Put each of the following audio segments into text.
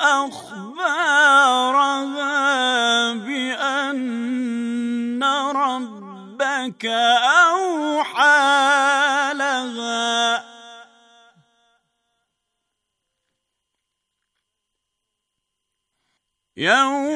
أخبارها بأن ربك أوحى لها يوم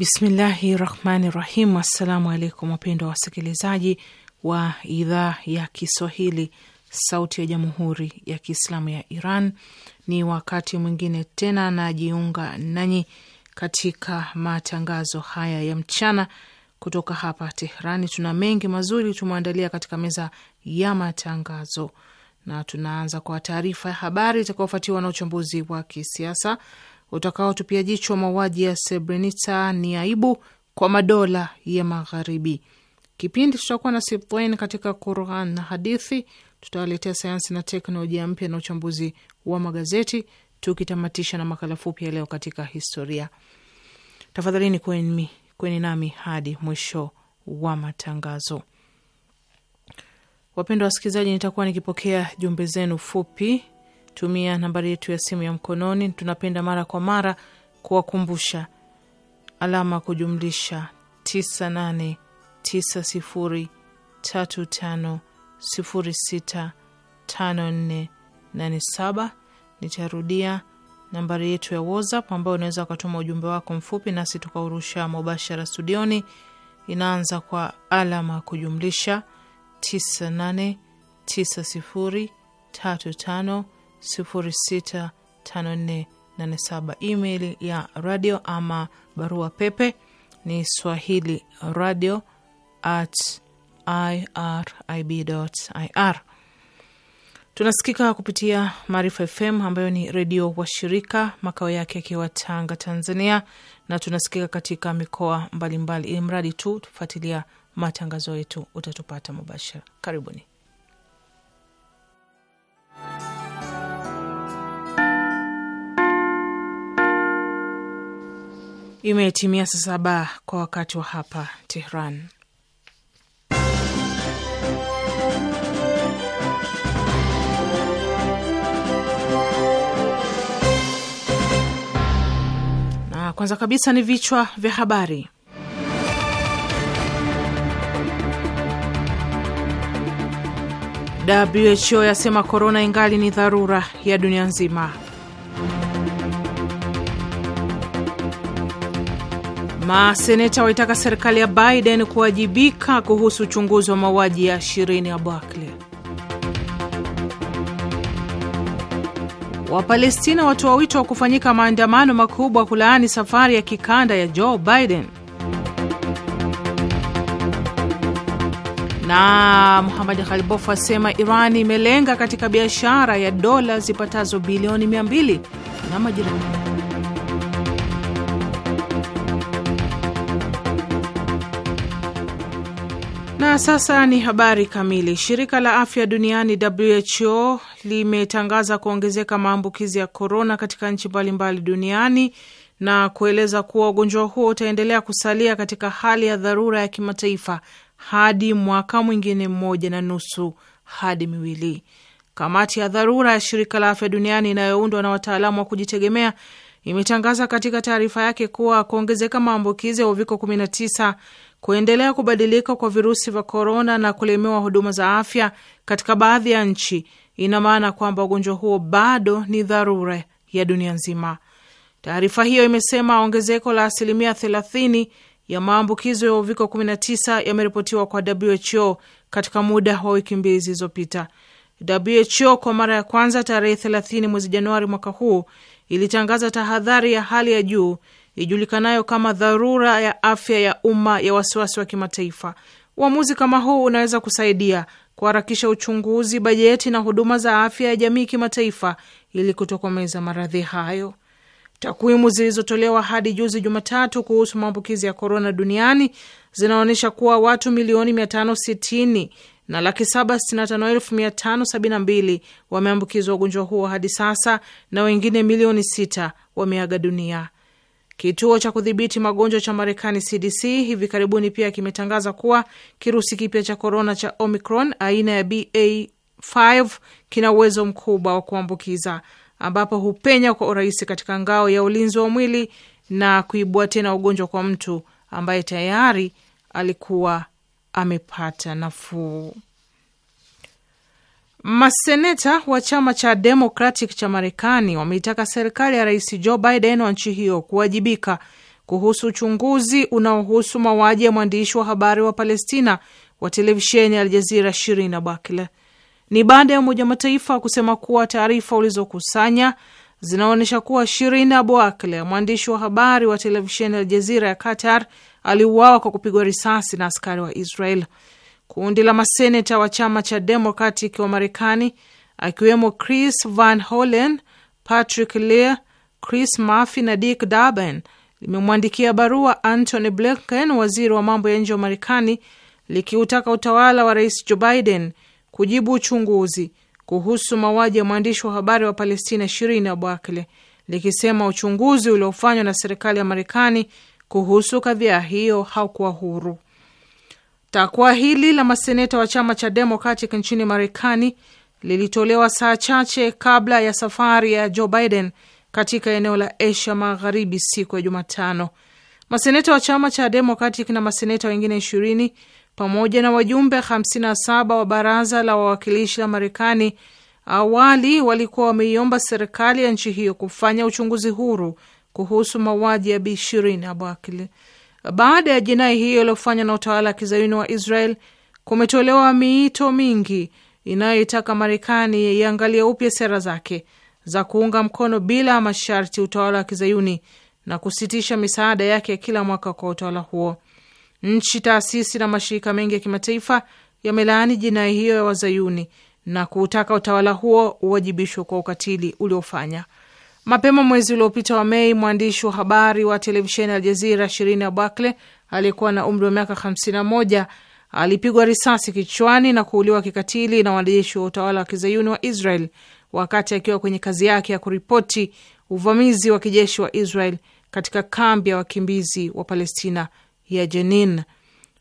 Bismillahi rahmani rahim. Assalamu alaikum wapendwa wasikilizaji wa idhaa ya Kiswahili sauti ya jamhuri ya Kiislamu ya Iran. Ni wakati mwingine tena najiunga nanyi katika matangazo haya ya mchana kutoka hapa Tehrani. Tuna mengi mazuri tumeandalia katika meza ya matangazo, na tunaanza kwa taarifa ya habari itakaofuatiwa na uchambuzi wa kisiasa utakaotupia jicho mauaji ya Srebrenica ni aibu kwa madola ya Magharibi. Kipindi tutakuwa na Sibtain katika Quran na hadithi, tutawaletea sayansi na teknolojia mpya na uchambuzi wa magazeti, tukitamatisha na makala fupi ya leo katika historia. Tafadhalini kweni, kweni nami hadi mwisho wa matangazo. Wapendwa wasikilizaji, nitakuwa nikipokea jumbe zenu fupi tumia nambari yetu ya simu ya mkononi. Tunapenda mara kwa mara kuwakumbusha alama kujumlisha 989035065487. Nitarudia nambari yetu ya WhatsApp ambayo unaweza ukatuma ujumbe wako mfupi nasi tukaurusha mubashara studioni. Inaanza kwa alama kujumlisha 989035 065487. Email ya radio ama barua pepe ni swahili radio at irib.ir. Tunasikika kupitia Maarifa FM ambayo ni redio wa shirika makao yake yakiwa Tanga, Tanzania, na tunasikika katika mikoa mbalimbali, ili mradi tu tufuatilia matangazo yetu, utatupata mubashara. Karibuni. Imetimia saa saba kwa wakati wa hapa Tehran. Na kwanza kabisa ni vichwa vya habari. WHO yasema korona ingali ni dharura ya dunia nzima. Maseneta waitaka serikali ya Biden kuwajibika kuhusu uchunguzi wa mauaji ya Shirini Abuakli. Wapalestina watoa wito wa kufanyika maandamano makubwa kulaani safari ya kikanda ya Joe Biden. na Muhammad Khalibof asema Iran imelenga katika biashara ya dola zipatazo bilioni 200 na majirani Na sasa ni habari kamili. Shirika la afya duniani WHO limetangaza kuongezeka maambukizi ya korona katika nchi mbalimbali duniani na kueleza kuwa ugonjwa huo utaendelea kusalia katika hali ya dharura ya kimataifa hadi mwaka mwingine mmoja na nusu hadi miwili. Kamati ya dharura ya shirika la afya duniani inayoundwa na wataalamu wa kujitegemea imetangaza katika taarifa yake kuwa kuongezeka maambukizi ya uviko 19 kuendelea kubadilika kwa virusi vya korona na kulemewa huduma za afya katika baadhi ya nchi ina maana kwamba ugonjwa huo bado ni dharura ya dunia nzima. Taarifa hiyo imesema ongezeko la asilimia 30 ya maambukizo ya uviko 19 yameripotiwa kwa WHO katika muda wa wiki mbili zilizopita. WHO kwa mara ya kwanza tarehe 30 mwezi Januari mwaka huu ilitangaza tahadhari ya hali ya juu ijulikanayo kama dharura ya afya ya umma ya wasiwasi wa kimataifa. Uamuzi kama huu unaweza kusaidia kuharakisha uchunguzi, bajeti na huduma za afya ya jamii kimataifa ili kutokomeza maradhi hayo. Takwimu zilizotolewa hadi juzi Jumatatu kuhusu maambukizi ya korona duniani zinaonyesha kuwa watu milioni 560 na laki 765,572 wameambukizwa ugonjwa huo hadi sasa na wengine milioni 6 wameaga dunia. Kituo cha kudhibiti magonjwa cha Marekani, CDC, hivi karibuni pia kimetangaza kuwa kirusi kipya cha korona cha Omicron aina ya BA5 kina uwezo mkubwa wa kuambukiza, ambapo hupenya kwa urahisi katika ngao ya ulinzi wa mwili na kuibua tena ugonjwa kwa mtu ambaye tayari alikuwa amepata nafuu. Maseneta wa chama cha Democratic cha Marekani wameitaka serikali ya Rais Joe Biden wa nchi hiyo kuwajibika kuhusu uchunguzi unaohusu mauaji ya mwandishi wa habari wa Palestina wa televisheni ya Aljazira Shirin Bakle. Ni baada ya Umoja Mataifa kusema kuwa taarifa ulizokusanya zinaonyesha kuwa Shirin Abu Akle, mwandishi wa habari wa televisheni ya Aljazira ya Qatar, aliuawa kwa kupigwa risasi na askari wa Israel. Kundi la maseneta wa chama cha Democratic wa Marekani, akiwemo Chris Van Hollen, Patrick lear Chris Murphy na Dick Durbin limemwandikia barua Antony Blinken, waziri wa mambo ya nje wa Marekani, likiutaka utawala wa rais Joe Biden kujibu uchunguzi kuhusu mauaji ya mwandishi wa habari wa Palestina Shirin Abu Akleh, likisema uchunguzi uliofanywa na serikali ya Marekani kuhusu kadhia hiyo haukuwa huru. Takwa hili la maseneta wa chama cha Democratic nchini Marekani lilitolewa saa chache kabla ya safari ya Joe Biden katika eneo la Asia Magharibi siku ya Jumatano. Maseneta wa chama cha Democratic na maseneta wengine ishirini pamoja na wajumbe 57 wa baraza la wawakilishi la Marekani awali walikuwa wameiomba serikali ya nchi hiyo kufanya uchunguzi huru kuhusu mauaji ya Bi Shirin Abu Akleh baada ya jinai hiyo iliyofanywa na utawala wa kizayuni wa Israel, kumetolewa miito mingi inayoitaka Marekani iangalie upya sera zake za kuunga mkono bila masharti utawala wa kizayuni na kusitisha misaada yake ya kila mwaka kwa utawala huo. Nchi, taasisi na mashirika mengi ya kimataifa yamelaani jinai hiyo ya wazayuni na kuutaka utawala huo uwajibishwe kwa ukatili uliofanya. Mapema mwezi uliopita wa Mei, mwandishi wa habari wa televisheni Aljazira Shirini Abakle aliyekuwa na umri wa miaka 51 alipigwa risasi kichwani na kuuliwa kikatili na wanajeshi wa utawala wa kizayuni wa Israel wakati akiwa kwenye kazi yake ya kuripoti uvamizi wa kijeshi wa Israel katika kambi ya wakimbizi wa Palestina ya Jenin.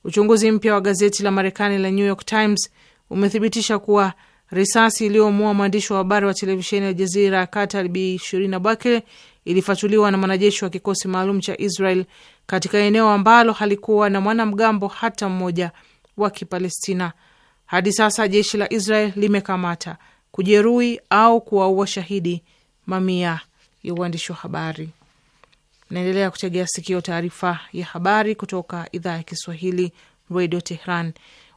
Uchunguzi mpya wa gazeti la Marekani la New York Times umethibitisha kuwa Risasi iliyomua mwandishi wa habari wa televisheni ya Jazira Katal Bi Shirin Abakir ilifatuliwa na mwanajeshi wa kikosi maalum cha Israel katika eneo ambalo halikuwa na mwanamgambo hata mmoja wa Kipalestina. Hadi sasa jeshi la Israel limekamata, kujeruhi au kuwaua shahidi mamia ya uandishi wa habari. Naendelea kutegea sikio taarifa ya habari kutoka idhaa ya Kiswahili, Radio Tehran.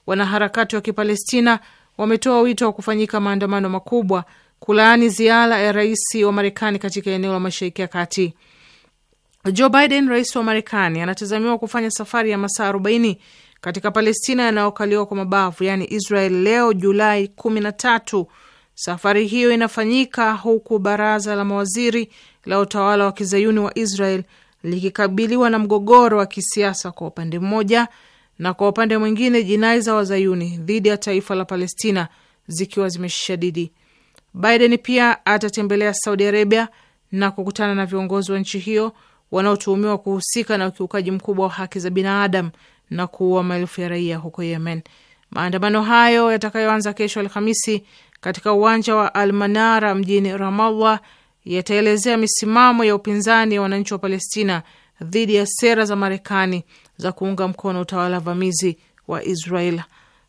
Wanaharakati wa Kipalestina wametoa wito wa kufanyika maandamano makubwa kulaani ziara ya rais wa Marekani katika eneo la Mashariki ya Kati. Joe Biden, rais wa Marekani, anatazamiwa kufanya safari ya masaa 40 katika Palestina yanayokaliwa kwa mabavu, yaani Israel, leo Julai 13. Safari hiyo inafanyika huku baraza la mawaziri la utawala wa kizayuni wa Israel likikabiliwa na mgogoro wa kisiasa kwa upande mmoja na kwa upande mwingine jinai za wazayuni dhidi ya taifa la Palestina zikiwa zimeshadidi. Biden pia atatembelea Saudi Arabia na kukutana na viongozi wa nchi hiyo wanaotuhumiwa kuhusika na ukiukaji mkubwa wa haki za binadamu na kuua maelfu ya raia huko Yemen. Maandamano hayo yatakayoanza kesho Alhamisi katika uwanja wa al manara mjini Ramallah yataelezea misimamo ya upinzani ya wananchi wa Palestina dhidi ya sera za Marekani za kuunga mkono utawala vamizi wa Israel.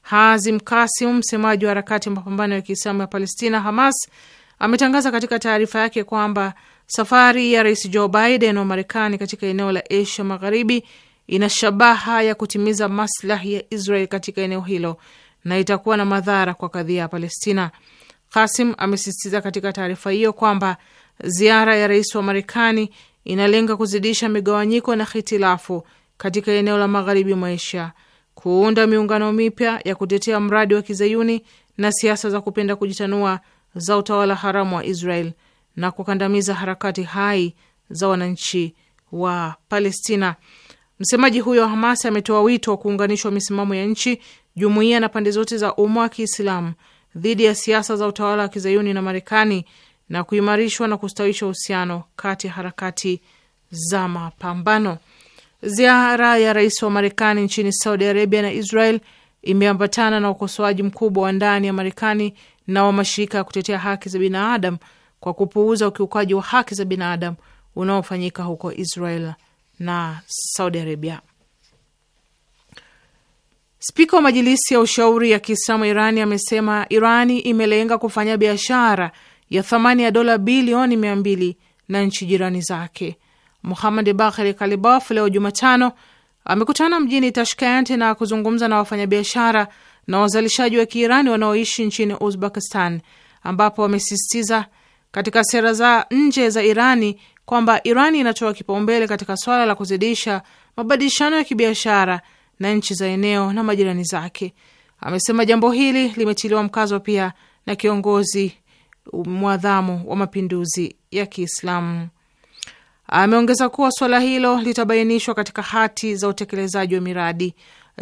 Hazim Kasim, msemaji wa harakati ya mapambano ya Kiislamu ya Palestina, Hamas, ametangaza katika taarifa yake kwamba safari ya Rais Joe Biden wa Marekani katika eneo la Asia Magharibi ina shabaha ya kutimiza maslahi ya Israel katika eneo hilo na itakuwa na madhara kwa kadhia ya Palestina. Kasim amesisitiza katika taarifa hiyo kwamba ziara ya rais wa Marekani inalenga kuzidisha migawanyiko na hitilafu katika eneo la magharibi mwa Asia, kuunda miungano mipya ya kutetea mradi wa kizayuni na siasa za kupenda kujitanua za utawala haramu wa Israel na kukandamiza harakati hai za wananchi wa Palestina. Msemaji huyo wa Hamas ametoa wito wa kuunganishwa misimamo ya nchi, jumuiya na pande zote za umma wa Kiislamu dhidi ya siasa za utawala wa kizayuni na Marekani na kuimarishwa na kustawisha uhusiano kati ya harakati za mapambano. Ziara ya rais wa Marekani nchini Saudi Arabia na Israel imeambatana na ukosoaji mkubwa wa ndani ya Marekani na wa mashirika ya kutetea haki za binadamu kwa kupuuza ukiukaji wa haki za binadamu unaofanyika huko Israel na Saudi Arabia. Spika wa Majilisi ya Ushauri ya Kiislamu Irani amesema Irani imelenga kufanya biashara ya thamani ya dola bilioni mia mbili na nchi jirani zake Muhamad Bakheri Kalibaf leo Jumatano amekutana mjini Tashkent na kuzungumza na wafanyabiashara na wazalishaji wa Kiirani wanaoishi nchini Uzbekistan, ambapo wamesisitiza katika sera za nje za Irani kwamba Irani inatoa kipaumbele katika swala la kuzidisha mabadilishano ya kibiashara na nchi za eneo na majirani zake. Amesema jambo hili limetiliwa mkazo pia na kiongozi mwadhamu wa mapinduzi ya Kiislamu. Ameongeza kuwa suala hilo litabainishwa katika hati za utekelezaji wa miradi.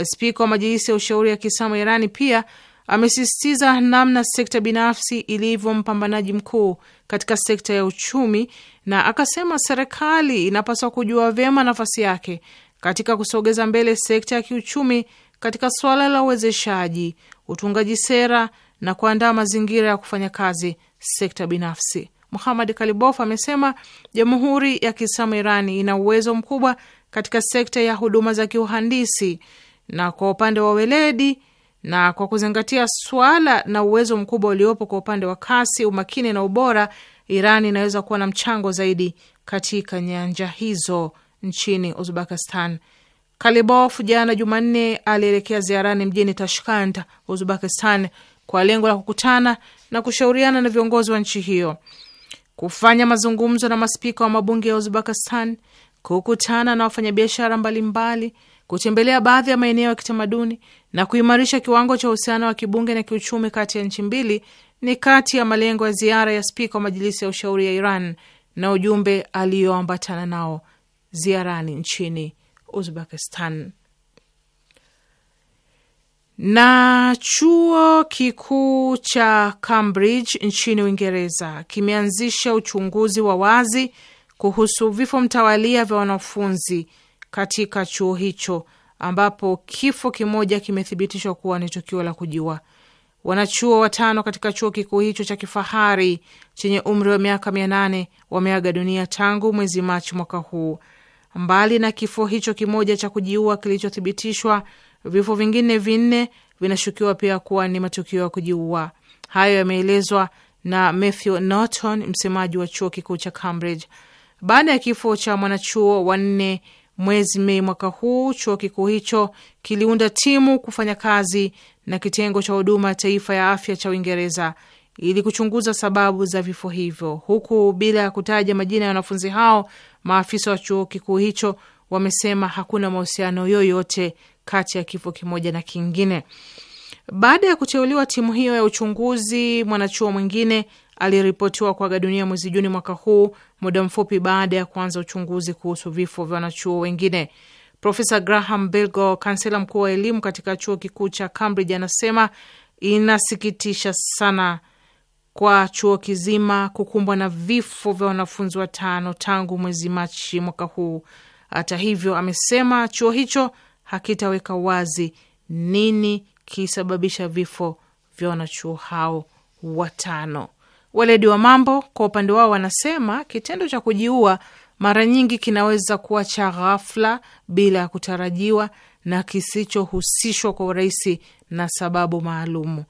Spika wa Majilisi ya Ushauri ya Kiislamu Irani pia amesisitiza namna sekta binafsi ilivyo mpambanaji mkuu katika sekta ya uchumi, na akasema serikali inapaswa kujua vyema nafasi yake katika kusogeza mbele sekta ya kiuchumi katika suala la uwezeshaji, utungaji sera na kuandaa mazingira ya kufanya kazi sekta binafsi. Muhamad Kalibof amesema Jamhuri ya Kiislamu Irani ina uwezo mkubwa katika sekta ya huduma za kiuhandisi na kwa upande wa weledi na kwa kuzingatia swala na uwezo mkubwa uliopo kwa upande wa kasi, umakini na ubora, Iran inaweza kuwa na mchango zaidi katika nyanja hizo nchini Uzbekistan. Kalibof jana Jumanne alielekea ziarani mjini Tashkand, Uzbekistan, kwa lengo la kukutana na kushauriana na viongozi wa nchi hiyo kufanya mazungumzo na maspika wa mabunge ya Uzbekistan, kukutana na wafanyabiashara mbalimbali, kutembelea baadhi ya maeneo ya kitamaduni na kuimarisha kiwango cha uhusiano wa kibunge na kiuchumi kati ya nchi mbili ni kati ya malengo ya ziara ya spika wa majilisi ya ushauri ya Iran na ujumbe aliyoambatana nao ziarani nchini Uzbekistan. Na chuo kikuu cha Cambridge nchini Uingereza kimeanzisha uchunguzi wa wazi kuhusu vifo mtawalia vya wanafunzi katika chuo hicho ambapo kifo kimoja kimethibitishwa kuwa ni tukio la kujiua. Wanachuo watano katika chuo kikuu hicho cha kifahari chenye umri wa miaka mia nane wameaga dunia tangu mwezi Machi mwaka huu. Mbali na kifo hicho kimoja cha kujiua kilichothibitishwa Vifo vingine vinne vinashukiwa pia kuwa ni matukio ya kujiua. Hayo yameelezwa na Matthew Norton, msemaji wa chuo kikuu cha Cambridge. Baada ya kifo cha mwanachuo wanne mwezi Mei mwaka huu, chuo kikuu hicho kiliunda timu kufanya kazi na kitengo cha huduma ya taifa ya afya cha Uingereza ili kuchunguza sababu za vifo hivyo, huku bila ya kutaja majina ya wanafunzi hao, maafisa wa chuo kikuu hicho wamesema hakuna mahusiano yoyote kati ya kifo kimoja na kingine. Baada ya kuteuliwa timu hiyo ya uchunguzi, mwanachuo mwingine aliripotiwa kuaga dunia mwezi Juni mwaka huu, muda mfupi baada ya kuanza uchunguzi kuhusu vifo vya wanachuo wengine. Profesa Graham Bilgo, kansela mkuu wa elimu katika chuo kikuu cha Cambridge, anasema inasikitisha sana kwa chuo kizima kukumbwa na vifo vya wanafunzi watano tangu mwezi Machi mwaka huu. Hata hivyo, amesema chuo hicho hakitaweka wazi nini kisababisha vifo vya wanachuo hao watano. Weledi wa mambo kwa upande wao wanasema kitendo cha kujiua mara nyingi kinaweza kuwa cha ghafla, bila ya kutarajiwa na kisichohusishwa kwa urahisi na sababu maalumu.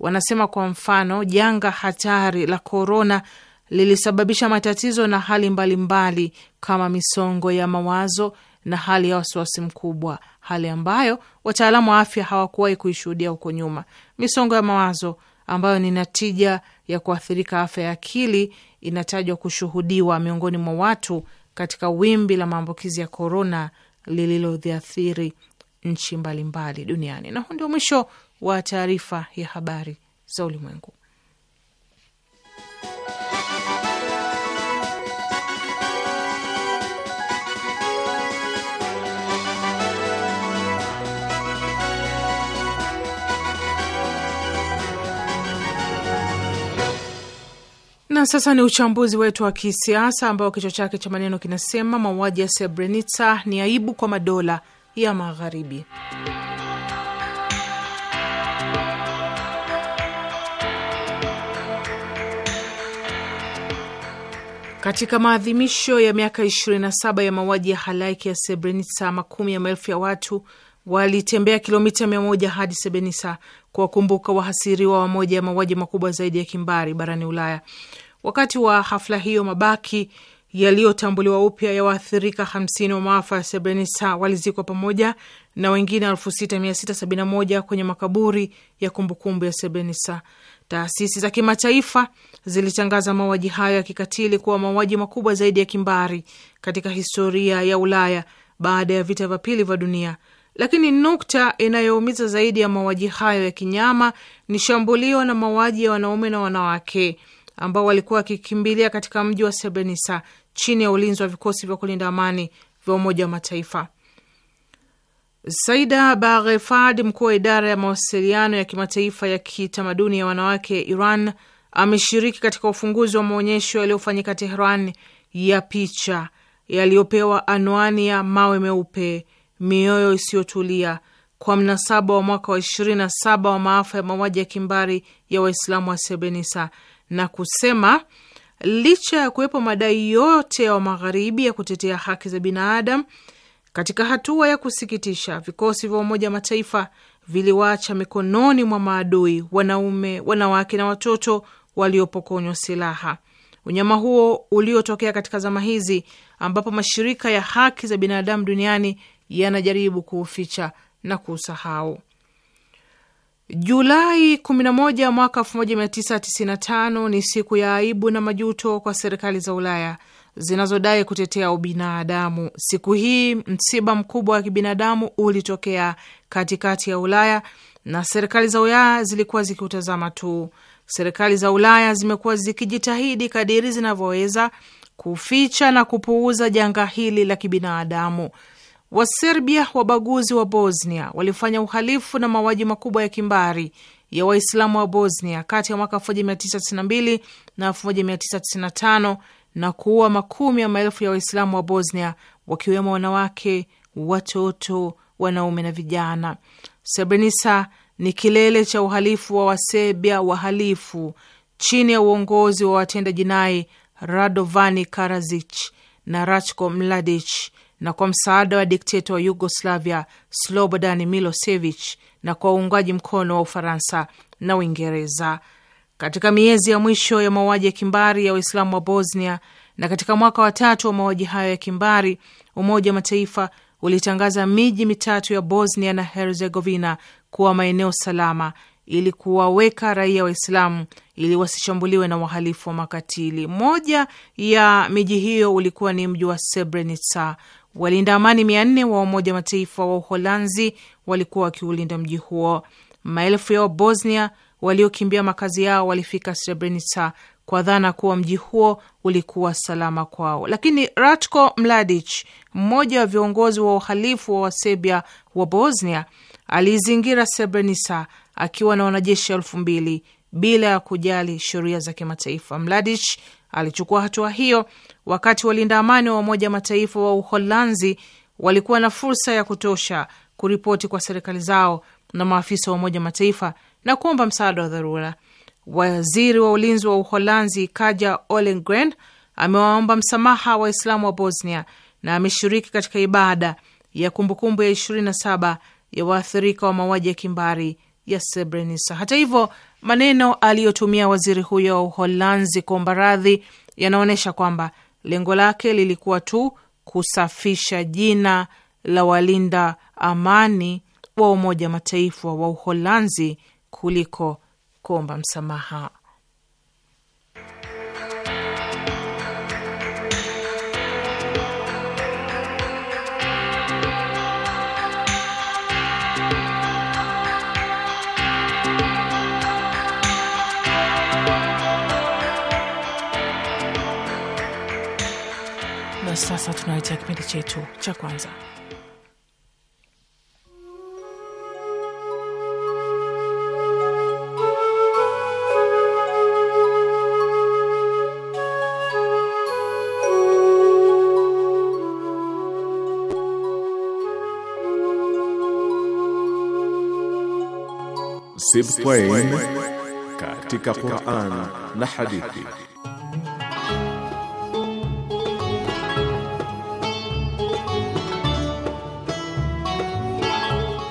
Wanasema kwa mfano, janga hatari la korona lilisababisha matatizo na hali mbalimbali mbali, kama misongo ya mawazo, na hali ya wasiwasi mkubwa, hali ambayo wataalamu wa afya hawakuwahi kuishuhudia huko nyuma. Misongo ya mawazo ambayo ni natija ya kuathirika afya ya akili inatajwa kushuhudiwa miongoni mwa watu katika wimbi la maambukizi ya korona lililodhiathiri nchi mbalimbali duniani. Na huu ndio mwisho wa taarifa ya habari za ulimwengu. Na sasa ni uchambuzi wetu wa kisiasa ambao kichwa chake cha maneno kinasema mauaji ya Srebrenica ni aibu kwa madola ya Magharibi. Katika maadhimisho ya miaka 27 ya mauaji ya halaiki ya Srebrenica, makumi ya maelfu ya watu walitembea kilomita 100 hadi Srebrenica kuwakumbuka wahasiriwa wa moja ya mauaji makubwa zaidi ya kimbari barani Ulaya. Wakati wa hafla hiyo, mabaki yaliyotambuliwa upya ya waathirika 50 wa maafa ya Srebrenica walizikwa pamoja na wengine 6671 kwenye makaburi ya kumbukumbu ya Srebrenica. Taasisi za kimataifa zilitangaza mauaji hayo ya kikatili kuwa mauaji makubwa zaidi ya kimbari katika historia ya Ulaya baada ya vita vya pili vya dunia. Lakini nukta inayoumiza zaidi ya mauaji hayo ya kinyama ni shambulio na mauaji ya wanaume na wanawake ambao walikuwa wakikimbilia katika mji wa Srebrenica chini ya ulinzi wa vikosi vya kulinda amani vya Umoja wa Mataifa. Saida Barefad, mkuu wa idara ya mawasiliano ya kimataifa ya kitamaduni ya wanawake Iran, ameshiriki katika ufunguzi wa maonyesho yaliyofanyika Tehran ya picha yaliyopewa anwani ya mawe meupe, mioyo isiyotulia kwa mnasaba wa mwaka wa saba wa maafa ya mauaji ya kimbari ya Waislamu wa Srebrenica na kusema licha ya kuwepo madai yote ya Magharibi ya kutetea haki za binadamu, katika hatua ya kusikitisha, vikosi vya Umoja Mataifa viliwaacha mikononi mwa maadui wanaume, wanawake na watoto waliopokonywa silaha. Unyama huo uliotokea katika zama hizi ambapo mashirika ya haki za binadamu duniani yanajaribu kuuficha na kuusahau. Julai 11 mwaka 1995 ni siku ya aibu na majuto kwa serikali za Ulaya zinazodai kutetea ubinadamu. Siku hii msiba mkubwa wa kibinadamu ulitokea katikati ya Ulaya na serikali za Ulaya zilikuwa zikiutazama tu. Serikali za Ulaya zimekuwa zikijitahidi kadiri zinavyoweza kuficha na kupuuza janga hili la kibinadamu. Waserbia wabaguzi wa Bosnia walifanya uhalifu na mauaji makubwa ya kimbari ya Waislamu wa Bosnia kati ya mwaka 1992 na 1995 na kuua makumi ya maelfu ya Waislamu wa Bosnia, wakiwemo wanawake, watoto, wanaume na vijana. Srebrenica ni kilele cha uhalifu wa Waserbia wahalifu chini ya uongozi wa watenda jinai Radovani Karadzic na Ratko Mladic na kwa msaada wa dikteta wa Yugoslavia Slobodan Milosevic na kwa uungwaji mkono wa Ufaransa na Uingereza. Katika miezi ya mwisho ya mauaji ya kimbari ya Waislamu wa Bosnia na katika mwaka wa tatu wa mauaji hayo ya kimbari, Umoja wa Mataifa ulitangaza miji mitatu ya Bosnia na Herzegovina kuwa maeneo salama ili kuwaweka raia Waislamu ili wasishambuliwe na wahalifu wa makatili. Moja ya miji hiyo ulikuwa ni mji wa Srebrenica Walinda amani mia nne wa Umoja Mataifa wa Uholanzi walikuwa wakiulinda mji huo. Maelfu ya Wabosnia waliokimbia makazi yao walifika Srebrenica kwa dhana kuwa mji huo ulikuwa salama kwao, lakini Ratko Mladic, mmoja wa viongozi wa uhalifu wa wasebia wa Bosnia, aliizingira Srebrenica akiwa na wanajeshi elfu mbili bila ya kujali sheria za kimataifa. Mladic alichukua hatua hiyo wakati walinda amani wa Umoja Mataifa wa Uholanzi walikuwa na fursa ya kutosha kuripoti kwa serikali zao na maafisa wa Umoja Mataifa na kuomba msaada wa dharura. Waziri wa ulinzi wa Uholanzi Kaja olengren amewaomba msamaha Waislamu wa Bosnia na ameshiriki katika ibada ya kumbukumbu ya 27 ya waathirika wa mauaji ya kimbari ya Srebrenica. Hata hivyo, maneno aliyotumia waziri huyo wa Uholanzi kuomba radhi yanaonyesha kwamba lengo lake lilikuwa tu kusafisha jina la walinda amani wa Umoja Mataifa wa Uholanzi kuliko kuomba msamaha. sasa tunaletea kipindi chetu cha kwanza Sibtain katika Qur'an na hadithi.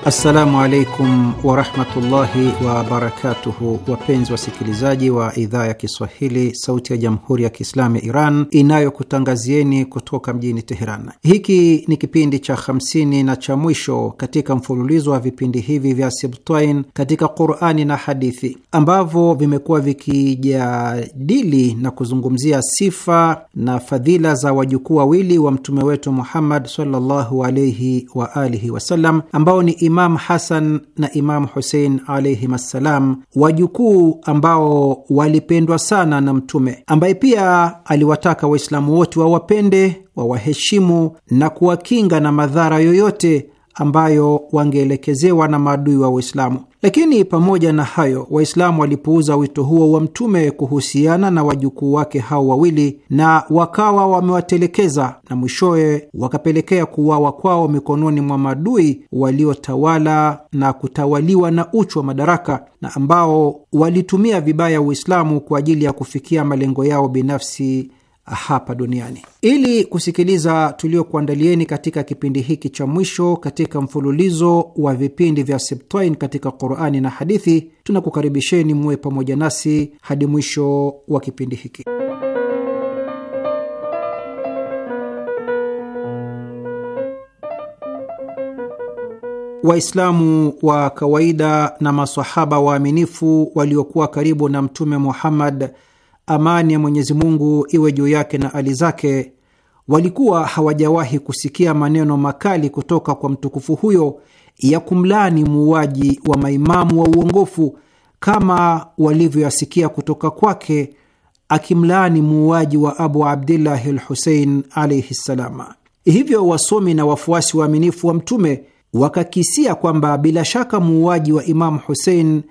Assalamu alaikum warahmatullahi wabarakatuhu, wapenzi wasikilizaji wa idhaa ya Kiswahili sauti ya jamhuri ya Kiislamu ya Iran inayokutangazieni kutoka mjini Teheran. Hiki ni kipindi cha 50 na cha mwisho katika mfululizo wa vipindi hivi vya Sibtain katika Qurani na hadithi ambavyo vimekuwa vikijadili na kuzungumzia sifa na fadhila za wajukuu wawili wa mtume wetu Muhammad sallallahu alaihi wasallam ambao ni Imam Hasan na Imam Husein alaihim assalam, wajukuu ambao walipendwa sana na Mtume, ambaye pia aliwataka Waislamu wote wawapende, wawaheshimu na kuwakinga na madhara yoyote ambayo wangeelekezewa na maadui wa Waislamu. Lakini pamoja na hayo, Waislamu walipuuza wito huo wa Mtume kuhusiana na wajukuu wake hao wawili, na wakawa wamewatelekeza na mwishowe wakapelekea kuuawa kwao mikononi mwa maadui waliotawala na kutawaliwa na uchu wa madaraka, na ambao walitumia vibaya Uislamu kwa ajili ya kufikia malengo yao binafsi hapa duniani. Ili kusikiliza tuliokuandalieni katika kipindi hiki cha mwisho katika mfululizo wa vipindi vya Septain katika Qurani na hadithi, tunakukaribisheni muwe pamoja nasi hadi mwisho wa kipindi hiki. Waislamu wa kawaida na masahaba waaminifu waliokuwa karibu na Mtume Muhammad amani ya Mwenyezi Mungu iwe juu yake na ali zake, walikuwa hawajawahi kusikia maneno makali kutoka kwa mtukufu huyo ya kumlaani muuaji wa maimamu wa uongofu kama walivyoyasikia kutoka kwake akimlaani muuaji wa Abu Abdillahi l Husein alaihi ssalama. Hivyo wasomi na wafuasi waaminifu wa Mtume wakakisia kwamba bila shaka muuaji wa Imamu Husein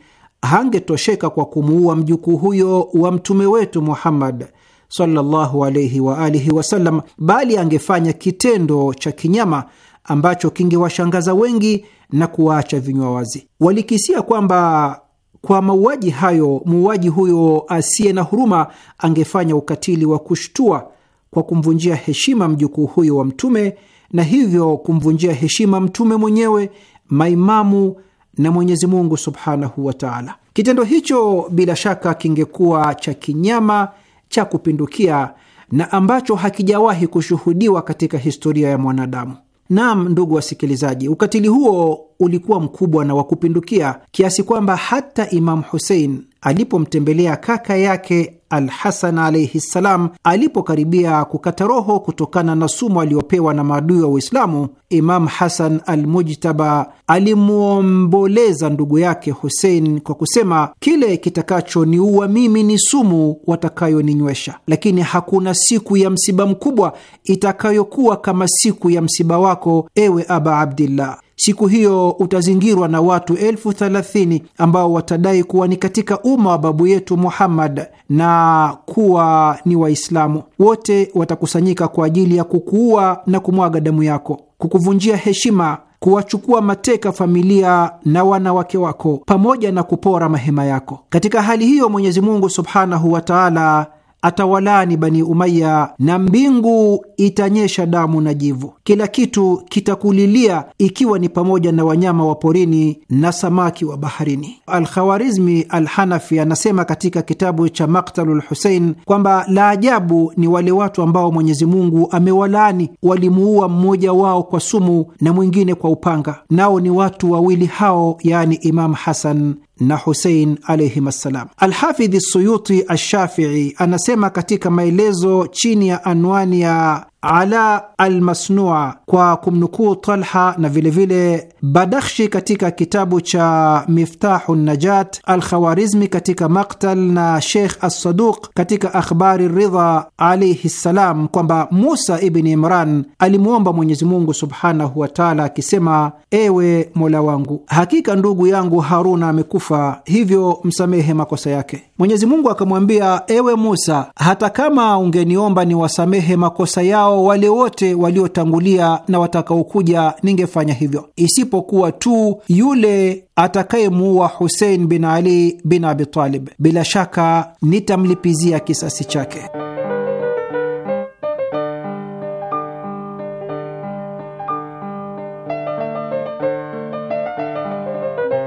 hangetosheka kwa kumuua mjukuu huyo wa mtume wetu Muhammad sallallahu alayhi wa alihi wasallam, bali angefanya kitendo cha kinyama ambacho kingewashangaza wengi na kuwaacha vinywa wazi. Walikisia kwamba kwa mauaji hayo muuaji huyo asiye na huruma angefanya ukatili wa kushtua kwa kumvunjia heshima mjukuu huyo wa mtume na hivyo kumvunjia heshima mtume mwenyewe, maimamu na Mwenyezi Mungu subhanahu wa taala. Kitendo hicho bila shaka kingekuwa cha kinyama cha kupindukia na ambacho hakijawahi kushuhudiwa katika historia ya mwanadamu. Naam, ndugu wasikilizaji, ukatili huo ulikuwa mkubwa na wa kupindukia kiasi kwamba hata Imamu Husein alipomtembelea kaka yake al Hasan alaihi ssalam alipokaribia kukata roho kutokana na sumu aliyopewa na maadui wa Uislamu, Imam Hasan Almujtaba alimwomboleza ndugu yake Husein kwa kusema, kile kitakachoniua mimi ni sumu watakayoninywesha, lakini hakuna siku ya msiba mkubwa itakayokuwa kama siku ya msiba wako, ewe Aba Abdillah. Siku hiyo utazingirwa na watu elfu thelathini ambao watadai kuwa ni katika umma wa babu yetu Muhammad na kuwa ni Waislamu. Wote watakusanyika kwa ajili ya kukuua na kumwaga damu yako, kukuvunjia heshima, kuwachukua mateka familia na wanawake wako, pamoja na kupora mahema yako. Katika hali hiyo Mwenyezi Mungu subhanahu wa taala atawalani Bani Umaya na mbingu itanyesha damu na jivu. Kila kitu kitakulilia, ikiwa ni pamoja na wanyama wa porini na samaki wa baharini. Alkhawarizmi Alhanafi anasema katika kitabu cha Maktalu Lhusein kwamba la ajabu ni wale watu ambao Mwenyezi Mungu amewalaani, walimuua mmoja wao kwa sumu na mwingine kwa upanga, nao ni watu wawili hao, yaani Imam Hasan na Husein alaihim assalam. Alhafidhi Suyuti Ashafii anasema katika maelezo chini ya anwani ya ala Almasnua kwa kumnukuu Talha na vilevile Badakhshi katika kitabu cha Miftahu Najat, Alkhawarizmi katika Maktal na Sheikh Assaduq katika Akhbari Ridha alaihi ssalam, kwamba Musa ibni Imran alimwomba Mwenyezi Mungu subhanahu wa taala akisema: ewe mola wangu, hakika ndugu yangu Haruna amekufa, hivyo msamehe makosa yake. Mwenyezi Mungu akamwambia: ewe Musa, hata kama ungeniomba niwasamehe makosa yao kwao wale wote waliotangulia na watakaokuja, ningefanya hivyo, isipokuwa tu yule atakayemuua Husein bin Ali bin Abi Talib, bila shaka nitamlipizia kisasi chake.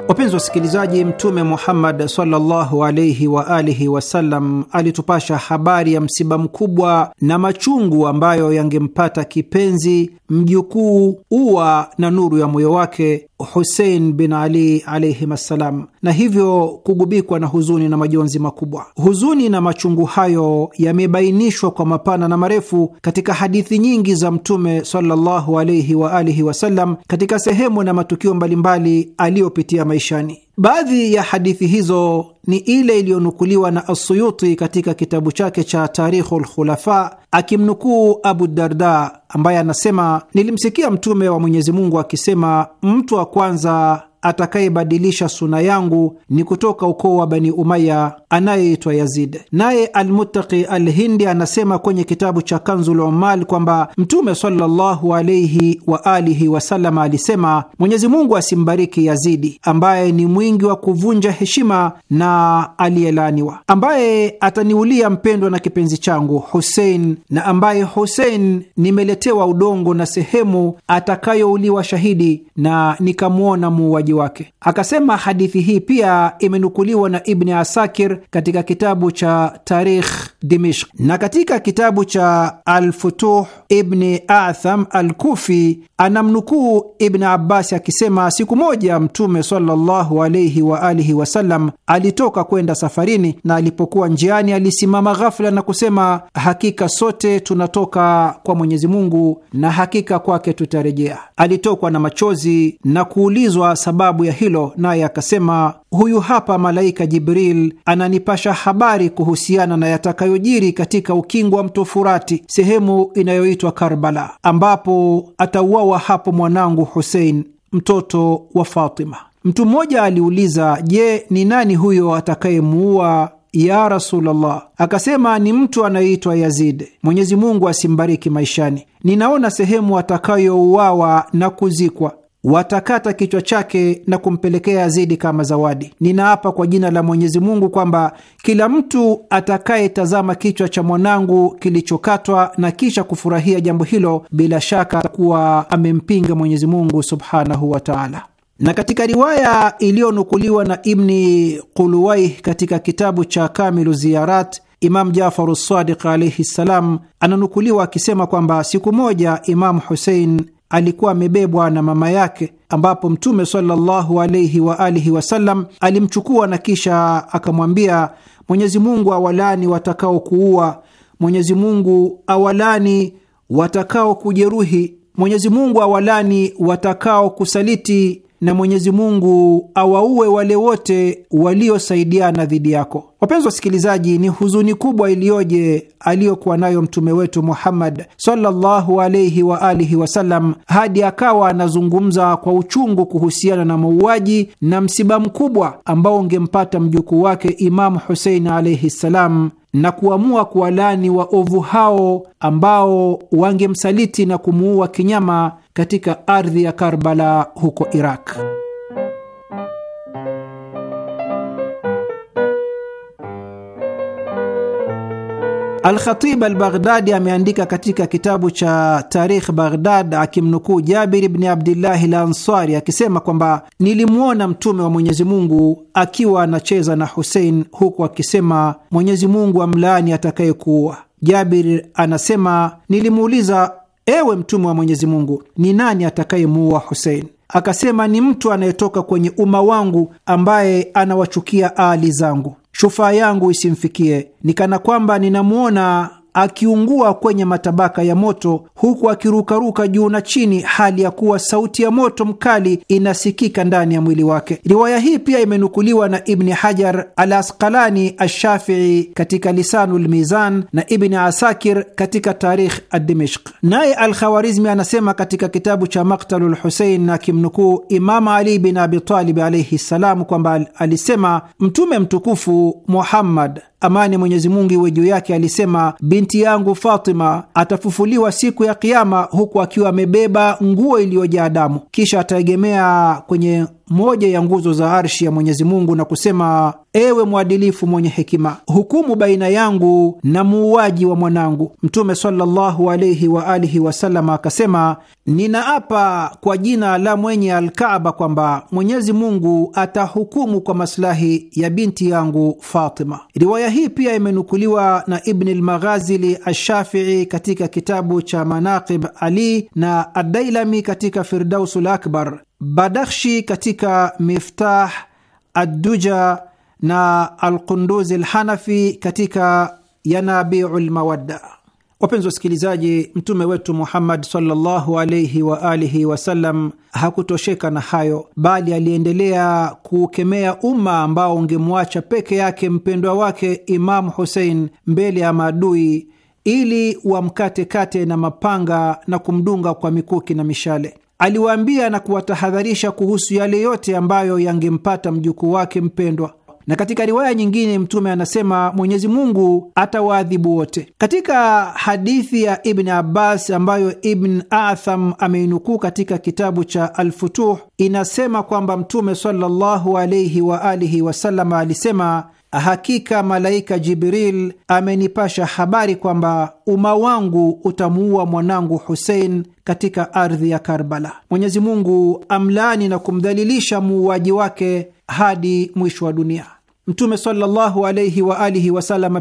Wapenzi wasikilizaji, Mtume Muhammad sallallahu alaihi wa alihi wasallam alitupasha habari ya msiba mkubwa na machungu ambayo yangempata kipenzi mjukuu uwa na nuru ya moyo wake Husein bin Ali alaihim assalam, na hivyo kugubikwa na huzuni na majonzi makubwa. Huzuni na machungu hayo yamebainishwa kwa mapana na marefu katika hadithi nyingi za Mtume sallallahu alaihi waalihi wasallam katika sehemu na matukio mbalimbali aliyopitia maishani. Baadhi ya hadithi hizo ni ile iliyonukuliwa na Asuyuti katika kitabu chake cha Tarikhu Lkhulafa akimnukuu Abu Darda ambaye anasema, nilimsikia Mtume wa Mwenyezi Mungu akisema, mtu wa kwanza atakayebadilisha suna yangu ni kutoka ukoo wa Bani Umaya anayeitwa Yazid. Naye Almuttaqi Alhindi anasema kwenye kitabu cha Kanzul Ummal kwamba Mtume sallallahu alaihi wa alihi wasallam alisema, Mwenyezi Mungu asimbariki Yazidi ambaye ni mwingi wa kuvunja heshima na aliyelaaniwa, ambaye ataniulia mpendwa na kipenzi changu Husein, na ambaye Husein nimeletewa udongo na sehemu atakayouliwa shahidi na nikamwona muuaji ukosoaji wake. Akasema hadithi hii pia imenukuliwa na Ibni Asakir katika kitabu cha Tarikh Dimishk na katika kitabu cha Alfutuh. Ibni Atham Alkufi anamnukuu Ibni Abbasi akisema, siku moja Mtume sallallahu alaihi wasallam alitoka kwenda safarini, na alipokuwa njiani alisimama ghafula na kusema, hakika sote tunatoka kwa Mwenyezi Mungu na hakika kwake tutarejea. Alitokwa na machozi na kuulizwa sababu sababu ya hilo, naye akasema, huyu hapa malaika Jibril ananipasha habari kuhusiana na yatakayojiri katika ukingo wa mto Furati, sehemu inayoitwa Karbala, ambapo atauawa hapo mwanangu Husein, mtoto wa Fatima. Mtu mmoja aliuliza, je, ni nani huyo atakayemuua ya Rasulullah? Akasema, ni mtu anayeitwa Yazid, Mwenyezi Mungu asimbariki maishani. Ninaona sehemu atakayouawa na kuzikwa watakata kichwa chake na kumpelekea Yazidi kama zawadi. Ninaapa kwa jina la Mwenyezi Mungu kwamba kila mtu atakayetazama kichwa cha mwanangu kilichokatwa na kisha kufurahia jambo hilo, bila shaka atakuwa amempinga Mwenyezi Mungu subhanahu wa taala. Na katika riwaya iliyonukuliwa na Ibni Quluwai katika kitabu cha Kamilu Ziyarat, Imamu Jafaru Sadiq alaihi ssalam ananukuliwa akisema kwamba siku moja Imamu Husein alikuwa amebebwa na mama yake, ambapo Mtume sallallahu alaihi wa alihi wasallam alimchukua na kisha akamwambia, Mwenyezi Mungu awalani watakaokuua, Mwenyezi Mungu awalani watakaokujeruhi, Mwenyezi Mungu awalani watakaokusaliti na Mwenyezi Mungu awaue wale wote waliosaidiana dhidi yako. Wapenzi wasikilizaji, ni huzuni kubwa iliyoje aliyokuwa nayo mtume wetu Muhammad sallallahu alayhi wa alihi wasallam, hadi akawa anazungumza kwa uchungu kuhusiana na mauaji na msiba mkubwa ambao ungempata mjukuu wake Imamu Husein alaihi ssalam na kuamua kuwalani waovu hao ambao wangemsaliti na kumuua kinyama katika ardhi ya Karbala huko Iraq. Alkhatib Albaghdadi ameandika katika kitabu cha Tarikh Baghdad akimnukuu Jabiri bni Abdillahi answari akisema kwamba nilimwona Mtume wa Mwenyezi Mungu akiwa anacheza na Husein huku akisema, Mwenyezi Mungu amlaani atakayekuua. Jabir anasema nilimuuliza, ewe Mtume wa Mwenyezi Mungu, ni nani atakayemuua Husein? Akasema, ni mtu anayetoka kwenye umma wangu ambaye anawachukia ali zangu shufaa yangu isimfikie, ni kana kwamba ninamwona akiungua kwenye matabaka ya moto huku akirukaruka juu na chini, hali ya kuwa sauti ya moto mkali inasikika ndani ya mwili wake. Riwaya hii pia imenukuliwa na Ibni Hajar al Asqalani Alshafii katika Lisanu lmizan na Ibni Asakir katika Tarikh Adimishq. Naye Alkhawarizmi anasema katika kitabu cha Maktalu Lhusein na kimnukuu Imam Ali bin Abitalib alaihi ssalam kwamba alisema Mtume mtukufu Muhammad amani ya Mwenyezi Mungu iwe juu yake, alisema, binti yangu Fatima atafufuliwa siku ya Kiama huku akiwa amebeba nguo iliyojaa damu, kisha ataegemea kwenye moja ya nguzo za arshi ya Mwenyezi Mungu na kusema: ewe mwadilifu mwenye hekima, hukumu baina yangu na muuaji wa mwanangu. Mtume sallallahu alaihi wa alihi wasallam akasema, ninaapa kwa jina la mwenye Alkaaba kwamba Mwenyezi Mungu atahukumu kwa maslahi ya binti yangu Fatima. Riwaya Riwaya hii pia imenukuliwa na Ibni Lmaghazili Ashafii katika kitabu cha Manaqib Ali na Addailami katika Firdausul Akbar, Badakhshi katika Miftah Adduja na Alqunduzi Lhanafi katika Yanabiu Lmawadda. Wapenzi wasikilizaji, mtume wetu Muhammad sallallahu alaihi wa alihi wasallam hakutosheka na hayo, bali aliendelea kuukemea umma ambao ungemwacha peke yake mpendwa wake Imamu Husein mbele ya maadui ili wamkatekate na mapanga na kumdunga kwa mikuki na mishale. Aliwaambia na kuwatahadharisha kuhusu yale yote ambayo yangempata mjukuu wake mpendwa na katika riwaya nyingine Mtume anasema Mwenyezi Mungu atawaadhibu wote. Katika hadithi ya Ibn Abbas ambayo Ibn Atham ameinukuu katika kitabu cha Alfutuh inasema kwamba Mtume sallallahu alaihi wa alihi alisema Hakika malaika Jibril amenipasha habari kwamba umma wangu utamuua mwanangu Husein katika ardhi ya Karbala. Mwenyezi Mungu amlaani na kumdhalilisha muuaji wake hadi mwisho wa dunia. Mtume sallallahu alaihi wa alihi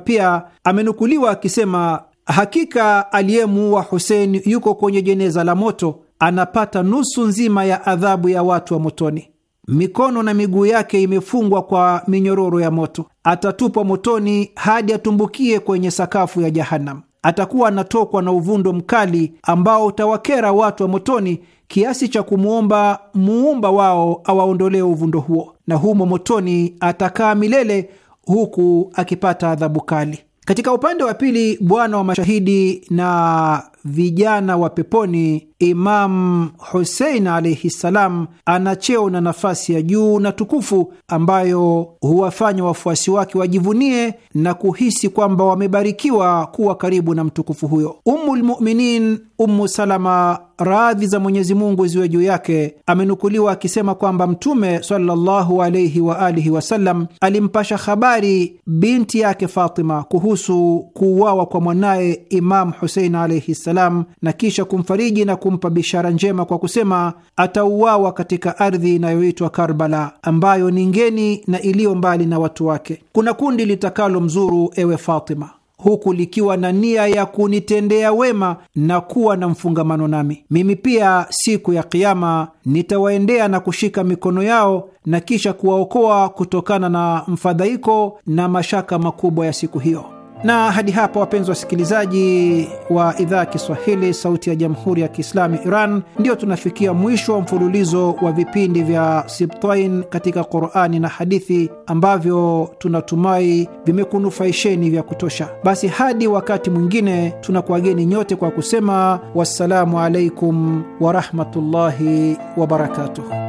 pia amenukuliwa akisema, hakika aliyemuua Husein yuko kwenye jeneza la moto, anapata nusu nzima ya adhabu ya watu wa motoni. Mikono na miguu yake imefungwa kwa minyororo ya moto, atatupwa motoni hadi atumbukie kwenye sakafu ya Jahannam. Atakuwa anatokwa na uvundo mkali ambao utawakera watu wa motoni kiasi cha kumwomba muumba wao awaondolee uvundo huo na humo motoni atakaa milele huku akipata adhabu kali. Katika upande wa pili, Bwana wa mashahidi na vijana wa peponi Imam Husein alaihi ssalam ana cheo na nafasi ya juu na tukufu ambayo huwafanya wafuasi wake wajivunie na kuhisi kwamba wamebarikiwa kuwa karibu na mtukufu huyo. Ummulmuminin Ummu Salama, radhi za Mwenyezi Mungu ziwe juu yake, amenukuliwa akisema kwamba Mtume sallallahu alaihi waalihi wasallam alimpasha habari binti yake Fatima kuhusu kuuawa kwa mwanaye Imam Husein alaihi ssalam na kisha kumfariji na kumpa bishara njema kwa kusema atauawa katika ardhi inayoitwa Karbala, ambayo ni ngeni na iliyo mbali na watu wake. Kuna kundi litakalomzuru ewe Fatima, huku likiwa na nia ya kunitendea wema na kuwa na mfungamano nami. Mimi pia siku ya Kiama nitawaendea na kushika mikono yao na kisha kuwaokoa kutokana na mfadhaiko na mashaka makubwa ya siku hiyo. Na hadi hapa, wapenzi wasikilizaji wa idhaa ya Kiswahili, Sauti ya Jamhuri ya Kiislamu Iran, ndio tunafikia mwisho wa mfululizo wa vipindi vya Sibtain katika Qurani na hadithi ambavyo tunatumai vimekunufaisheni vya kutosha. Basi hadi wakati mwingine, tunakuwageni nyote kwa kusema wassalamu alaikum warahmatullahi wabarakatuh.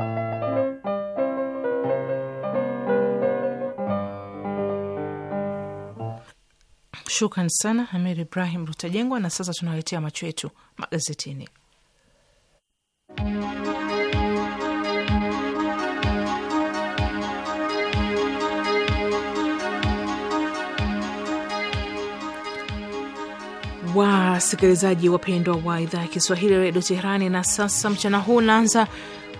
Shukran sana Amir Ibrahim Rutajengwa. Na sasa tunawaletea macho yetu magazetini. Wasikilizaji wapendwa wa idhaa ya Kiswahili redio Teherani, na sasa mchana huu unaanza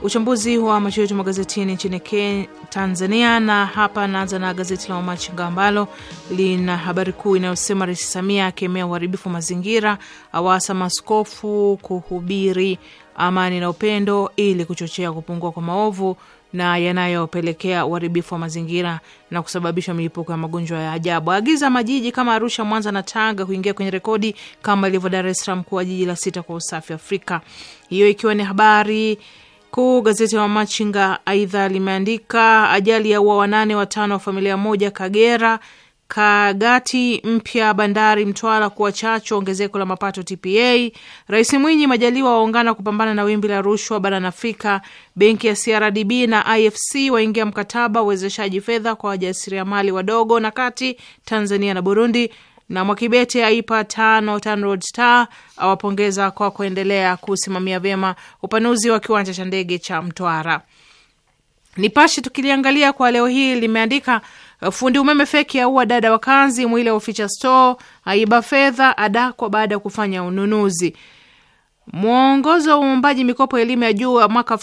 Uchambuzi wa macho yetu magazetini nchini Tanzania, na hapa naanza na gazeti la Wamachinga ambalo lina habari kuu inayosema Rais Samia akemea uharibifu wa mazingira, awasa maskofu kuhubiri amani na upendo ili kuchochea kupungua kwa maovu na yanayopelekea uharibifu wa mazingira na kusababisha milipuko ya magonjwa ya ajabu. Agiza majiji kama Arusha, Mwanza na Tanga kuingia kwenye rekodi kama ilivyo Dar es Salaam kuwa jiji la sita kwa usafi Afrika. Hiyo ikiwa ni habari kuu gazeti la Machinga aidha limeandika ajali ya ua wanane watano wa familia moja Kagera, Kagati mpya bandari Mtwara kuwa chachu ongezeko la mapato TPA. Rais Mwinyi Majaliwa waungana kupambana na wimbi la rushwa barani Afrika. Benki ya CRDB na IFC waingia mkataba uwezeshaji fedha kwa wajasiriamali wadogo na kati Tanzania na Burundi na Mwakibete aipa tano TANROADS Star, awapongeza kwa kuendelea kusimamia vyema upanuzi wa kiwanja cha ndege cha Mtwara. Nipashe tukiliangalia kwa leo hii limeandika eh, fundi umeme feki aua dada wa kanzi, mwile uficha store, aiba fedha adakwa baada ya kufanya ununuzi. Mwongozo wa uumbaji mikopo elimu ya juu wa mwaka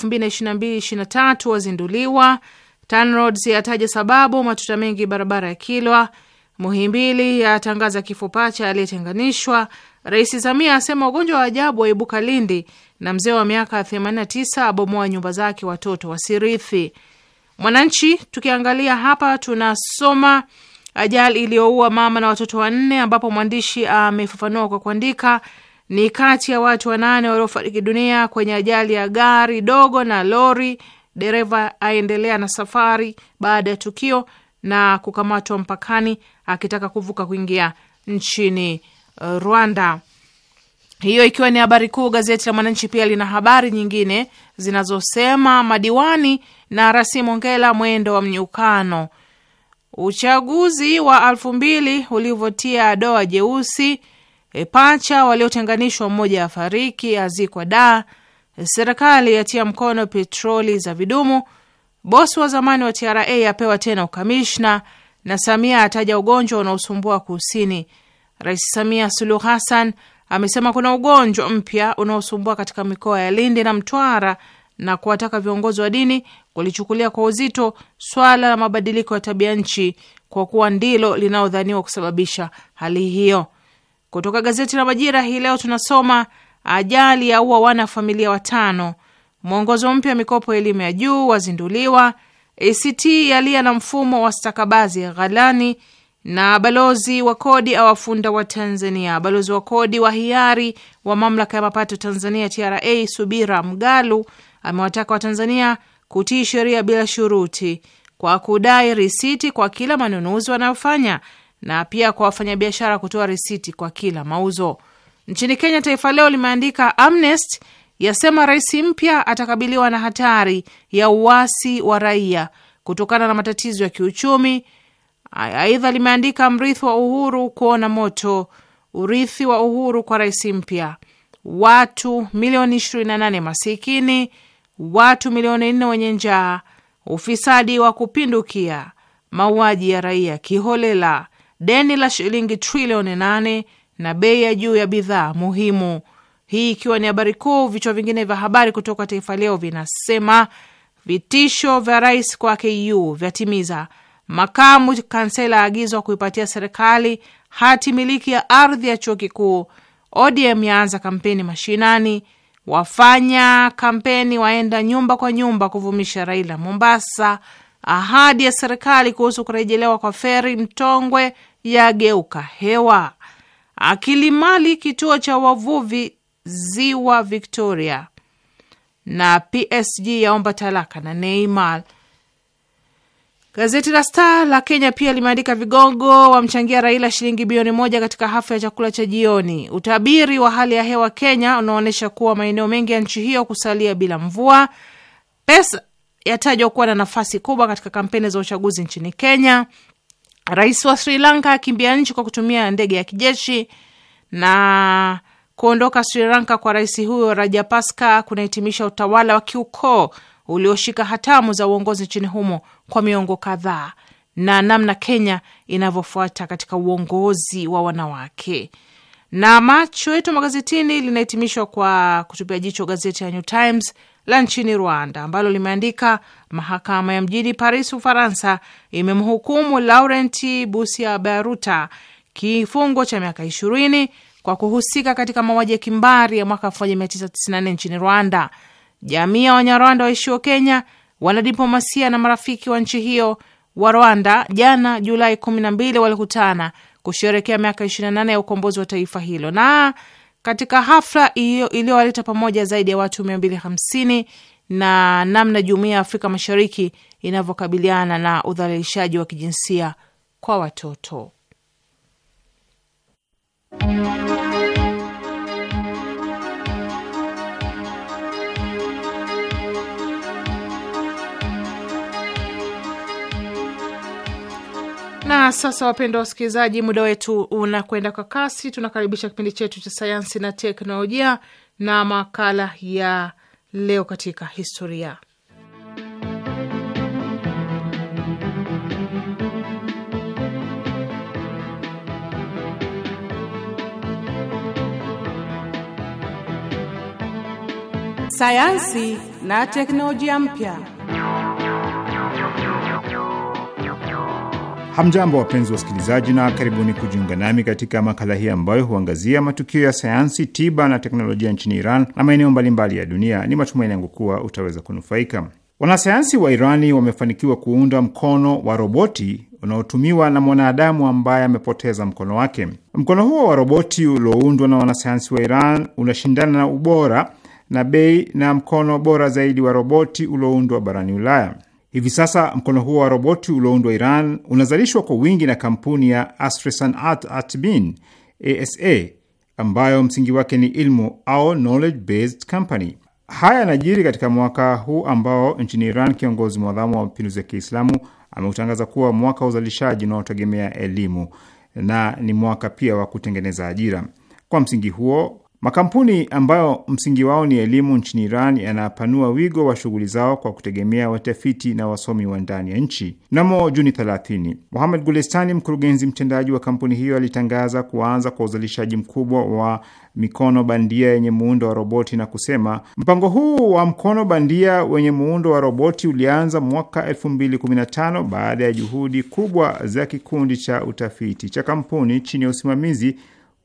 na tatu wazinduliwa. TANROADS yataja sababu matuta mengi barabara ya Kilwa. Muhimbili yatangaza kifo pacha aliyetenganishwa. Rais Samia asema ugonjwa wa ajabu waibuka Lindi, na mzee wa miaka 89 abomoa nyumba zake watoto wasirithi. Mwananchi tukiangalia hapa tunasoma ajali iliyoua mama na watoto wanne, ambapo mwandishi amefafanua kwa kuandika ni kati ya watu wanane waliofariki dunia kwenye ajali ya gari dogo na lori. Dereva aendelea na safari baada ya tukio na kukamatwa mpakani akitaka kuvuka kuingia nchini uh, Rwanda. Hiyo ikiwa ni habari kuu. Gazeti la Mwananchi pia lina habari nyingine zinazosema madiwani na rasimu ongela mwendo wa mnyukano, uchaguzi wa elfu mbili ulivyotia doa jeusi, e, pacha waliotenganishwa mmoja afariki, azikwa da, serikali yatia mkono petroli za vidumu, bosi wa zamani wa TRA apewa tena ukamishna na Samia ataja ugonjwa unaosumbua Kusini. Rais Samia Suluhu Hassan amesema kuna ugonjwa mpya unaosumbua katika mikoa ya Lindi na Mtwara na kuwataka viongozi wa dini kulichukulia kwa uzito swala la mabadiliko ya tabia nchi kwa kuwa ndilo linalodhaniwa kusababisha hali hiyo. Kutoka gazeti la Majira hii leo tunasoma ajali yaua wana familia watano, mwongozo mpya mikopo elimu ya juu wazinduliwa, ACT yaliya na mfumo wa stakabazi ghalani, na balozi wa kodi awafunda wa Tanzania. Balozi wa kodi wa hiari wa mamlaka ya mapato Tanzania TRA Subira Mgalu amewataka Watanzania kutii sheria bila shuruti kwa kudai risiti kwa kila manunuzi wanayofanya na pia kwa wafanyabiashara kutoa risiti kwa kila mauzo. Nchini Kenya, Taifa Leo limeandika Amnesty yasema rais mpya atakabiliwa na hatari ya uasi wa raia kutokana na matatizo ya kiuchumi. Aidha limeandika mrithi wa uhuru kuona moto, urithi wa uhuru kwa rais mpya, watu milioni 28 masikini, watu milioni 4 wenye njaa, ufisadi wa kupindukia, mauaji ya raia kiholela, deni la shilingi trilioni 8 na bei ya juu ya bidhaa muhimu. Hii ikiwa ni habari kuu. Vichwa vingine vya habari kutoka Taifa Leo vinasema vitisho vya rais kwa KU vyatimiza, makamu kansela aagizwa kuipatia serikali hati miliki ya ardhi ya chuo kikuu, ODM yaanza kampeni mashinani, wafanya kampeni waenda nyumba kwa nyumba kuvumisha Raila Mombasa, ahadi ya serikali kuhusu kurejelewa kwa feri Mtongwe yageuka hewa, akili mali kituo cha wavuvi ziwa Victoria na PSG yaomba talaka na Neymar. Gazeti la Star la Kenya pia limeandika vigogo wamchangia Raila shilingi bilioni moja katika hafla ya chakula cha jioni. Utabiri wa hali ya hewa Kenya unaonyesha kuwa maeneo mengi ya nchi hiyo kusalia bila mvua. Pesa yatajwa kuwa na nafasi kubwa katika kampeni za uchaguzi nchini Kenya. Rais wa Sri Lanka akimbia nchi kwa kutumia ndege ya kijeshi na Kuondoka Sri Lanka kwa rais huyo Rajapaksa kunahitimisha utawala wa kiukoo ulioshika hatamu za uongozi nchini humo kwa miongo kadhaa na namna Kenya inavyofuata katika uongozi wa wanawake. Na macho yetu magazetini linahitimishwa kwa kutupia jicho gazeti ya New Times la nchini Rwanda ambalo limeandika mahakama ya mjini Paris, Ufaransa imemhukumu Laurent Busia Baruta kifungo cha miaka ishirini kwa kuhusika katika mauaji ya kimbari ya mwaka 1994 nchini Rwanda. Jamii ya Wanyarwanda waishio Kenya, wanadiplomasia na marafiki wa nchi hiyo wa Rwanda jana Julai 12 walikutana kusherekea miaka 28 ya ukombozi wa taifa hilo, na katika hafla iliyowaleta pamoja zaidi ya watu 250 na namna jumuiya ya Afrika Mashariki inavyokabiliana na udhalilishaji wa kijinsia kwa watoto. Na sasa, wapendwa wasikilizaji, muda wetu unakwenda kwa kasi. Tunakaribisha kipindi chetu cha sayansi na teknolojia na makala ya leo katika historia. Sayansi na teknolojia mpya. Hamjambo, wapenzi wa wasikilizaji, na karibuni kujiunga nami katika makala hii ambayo huangazia matukio ya sayansi, tiba na teknolojia nchini Iran na maeneo mbalimbali ya dunia. Ni matumaini yangu kuwa utaweza kunufaika. Wanasayansi wa Irani wamefanikiwa kuunda mkono wa roboti unaotumiwa na mwanadamu ambaye amepoteza mkono wake. Mkono huo wa roboti ulioundwa na wanasayansi wa Iran unashindana na ubora na bei na mkono bora zaidi wa roboti ulioundwa barani Ulaya. Hivi sasa mkono huo wa roboti ulioundwa Iran unazalishwa kwa wingi na kampuni ya Astresanat Atbin ASA ambayo msingi wake ni ilmu au knowledge based company. Haya yanajiri katika mwaka huu ambao nchini Iran kiongozi mwadhamu wa mapinduzi ya Kiislamu ameutangaza kuwa mwaka wa uzalishaji unaotegemea elimu na ni mwaka pia wa kutengeneza ajira. Kwa msingi huo Makampuni ambayo msingi wao ni elimu nchini Iran yanapanua wigo wa shughuli zao kwa kutegemea watafiti na wasomi wa ndani ya nchi. Mnamo Juni 30, Mohamed Gulestani, mkurugenzi mtendaji wa kampuni hiyo, alitangaza kuanza kwa uzalishaji mkubwa wa mikono bandia yenye muundo wa roboti na kusema, mpango huu wa mkono bandia wenye muundo wa roboti ulianza mwaka 2015 baada ya juhudi kubwa za kikundi cha utafiti cha kampuni chini ya usimamizi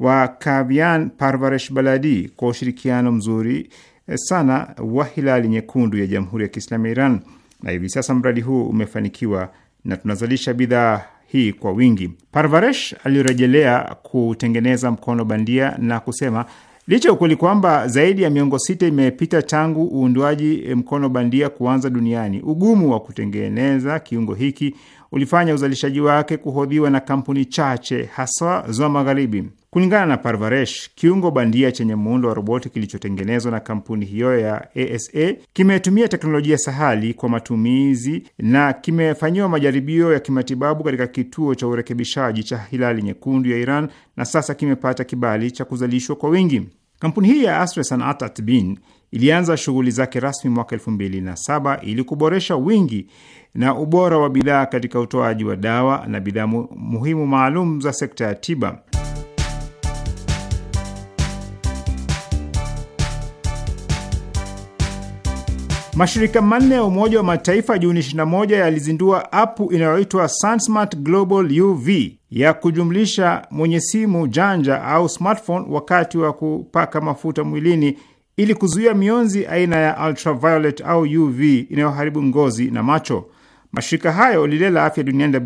wa Kavian Parvaresh Baladi kwa ushirikiano mzuri eh, sana wa Hilali Nyekundu ya Jamhuri ya Kiislamu ya Iran, na hivi sasa mradi huu umefanikiwa na tunazalisha bidhaa hii kwa wingi. Parvaresh alirejelea kutengeneza mkono bandia na kusema licha ukweli kwamba zaidi ya miongo sita imepita tangu uundwaji eh, mkono bandia kuanza duniani, ugumu wa kutengeneza kiungo hiki ulifanya uzalishaji wake kuhodhiwa na kampuni chache, hasa za Magharibi. Kulingana na Parvaresh, kiungo bandia chenye muundo wa roboti kilichotengenezwa na kampuni hiyo ya ASA kimetumia teknolojia sahali kwa matumizi na kimefanyiwa majaribio ya kimatibabu katika kituo cha urekebishaji cha Hilali Nyekundu ya Iran na sasa kimepata kibali cha kuzalishwa kwa wingi. Kampuni hii ya Asre Sanat Atbin ilianza shughuli zake rasmi mwaka elfu mbili na saba ili kuboresha wingi na ubora wa bidhaa katika utoaji wa dawa na bidhaa muhimu maalum za sekta ya tiba. Mashirika manne ya Umoja wa Mataifa Juni 21 yalizindua apu inayoitwa SunSmart Global UV ya kujumlisha mwenye simu janja au smartphone wakati wa kupaka mafuta mwilini ili kuzuia mionzi aina ya ultraviolet au UV inayoharibu ngozi na macho. Mashirika hayo, lile la afya duniani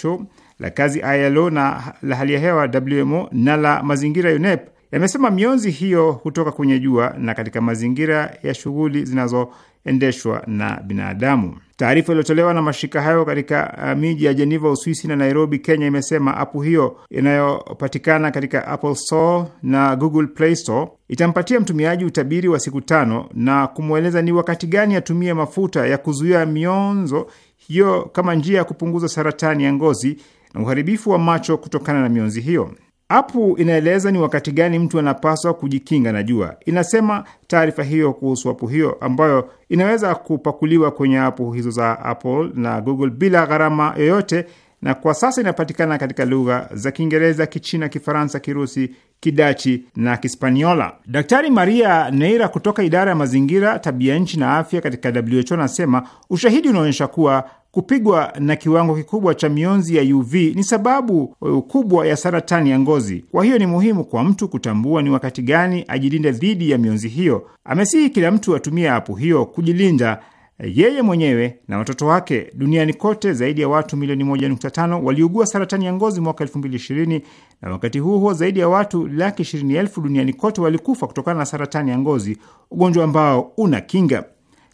WHO, la kazi ILO, na la hali ya hewa WMO, na la mazingira UNEP Yamesema mionzi hiyo hutoka kwenye jua na katika mazingira ya shughuli zinazoendeshwa na binadamu. Taarifa iliyotolewa na mashirika hayo katika uh, miji ya Jeneva, Uswisi na Nairobi, Kenya, imesema apu hiyo inayopatikana katika Apple Store na Google Play Store itampatia mtumiaji utabiri wa siku tano na kumweleza ni wakati gani atumie mafuta ya kuzuia mionzo hiyo kama njia ya kupunguza saratani ya ngozi na uharibifu wa macho kutokana na mionzi hiyo. Apu inaeleza ni wakati gani mtu anapaswa kujikinga na jua. Inasema taarifa hiyo kuhusu apu hiyo ambayo inaweza kupakuliwa kwenye apu hizo za Apple na Google bila gharama yoyote, na kwa sasa inapatikana katika lugha za Kiingereza, Kichina, Kifaransa, Kirusi, Kidachi na Kispaniola. Daktari Maria Neira kutoka idara ya mazingira, tabia nchi na afya katika WHO anasema ushahidi unaonyesha kuwa Kupigwa na kiwango kikubwa cha mionzi ya UV ni sababu uh, kubwa ya saratani ya ngozi. Kwa hiyo ni muhimu kwa mtu kutambua ni wakati gani ajilinde dhidi ya mionzi hiyo. Amesihi kila mtu atumie apu hiyo kujilinda uh, yeye mwenyewe na watoto wake. Duniani kote zaidi ya watu milioni 1.5 waliugua saratani ya ngozi mwaka 2020 na wakati huo huo zaidi ya watu laki 20 elfu duniani kote walikufa kutokana na saratani ya ngozi, ugonjwa ambao una kinga.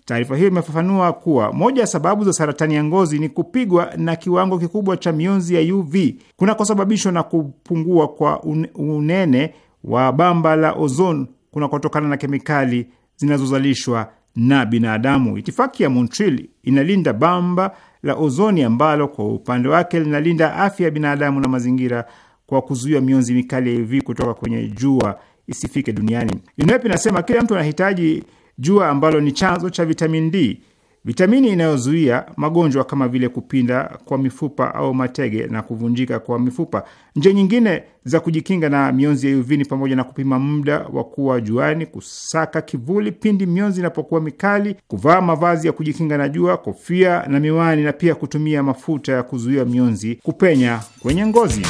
Taarifa hiyo imefafanua kuwa moja ya sababu za saratani ya ngozi ni kupigwa na kiwango kikubwa cha mionzi ya UV kunakosababishwa na kupungua kwa unene wa bamba la ozon kunakotokana na kemikali zinazozalishwa na binadamu. Itifaki ya Montreal inalinda bamba la ozoni ambalo kwa upande wake linalinda afya ya binadamu na mazingira kwa kuzuia mionzi mikali ya UV kutoka kwenye jua isifike duniani. UNEP inasema kila mtu anahitaji jua ambalo ni chanzo cha vitamini D, vitamini inayozuia magonjwa kama vile kupinda kwa mifupa au matege na kuvunjika kwa mifupa. Njia nyingine za kujikinga na mionzi ya UV ni pamoja na kupima muda wa kuwa juani, kusaka kivuli pindi mionzi inapokuwa mikali, kuvaa mavazi ya kujikinga na jua, kofia na miwani, na pia kutumia mafuta ya kuzuia mionzi kupenya kwenye ngozi.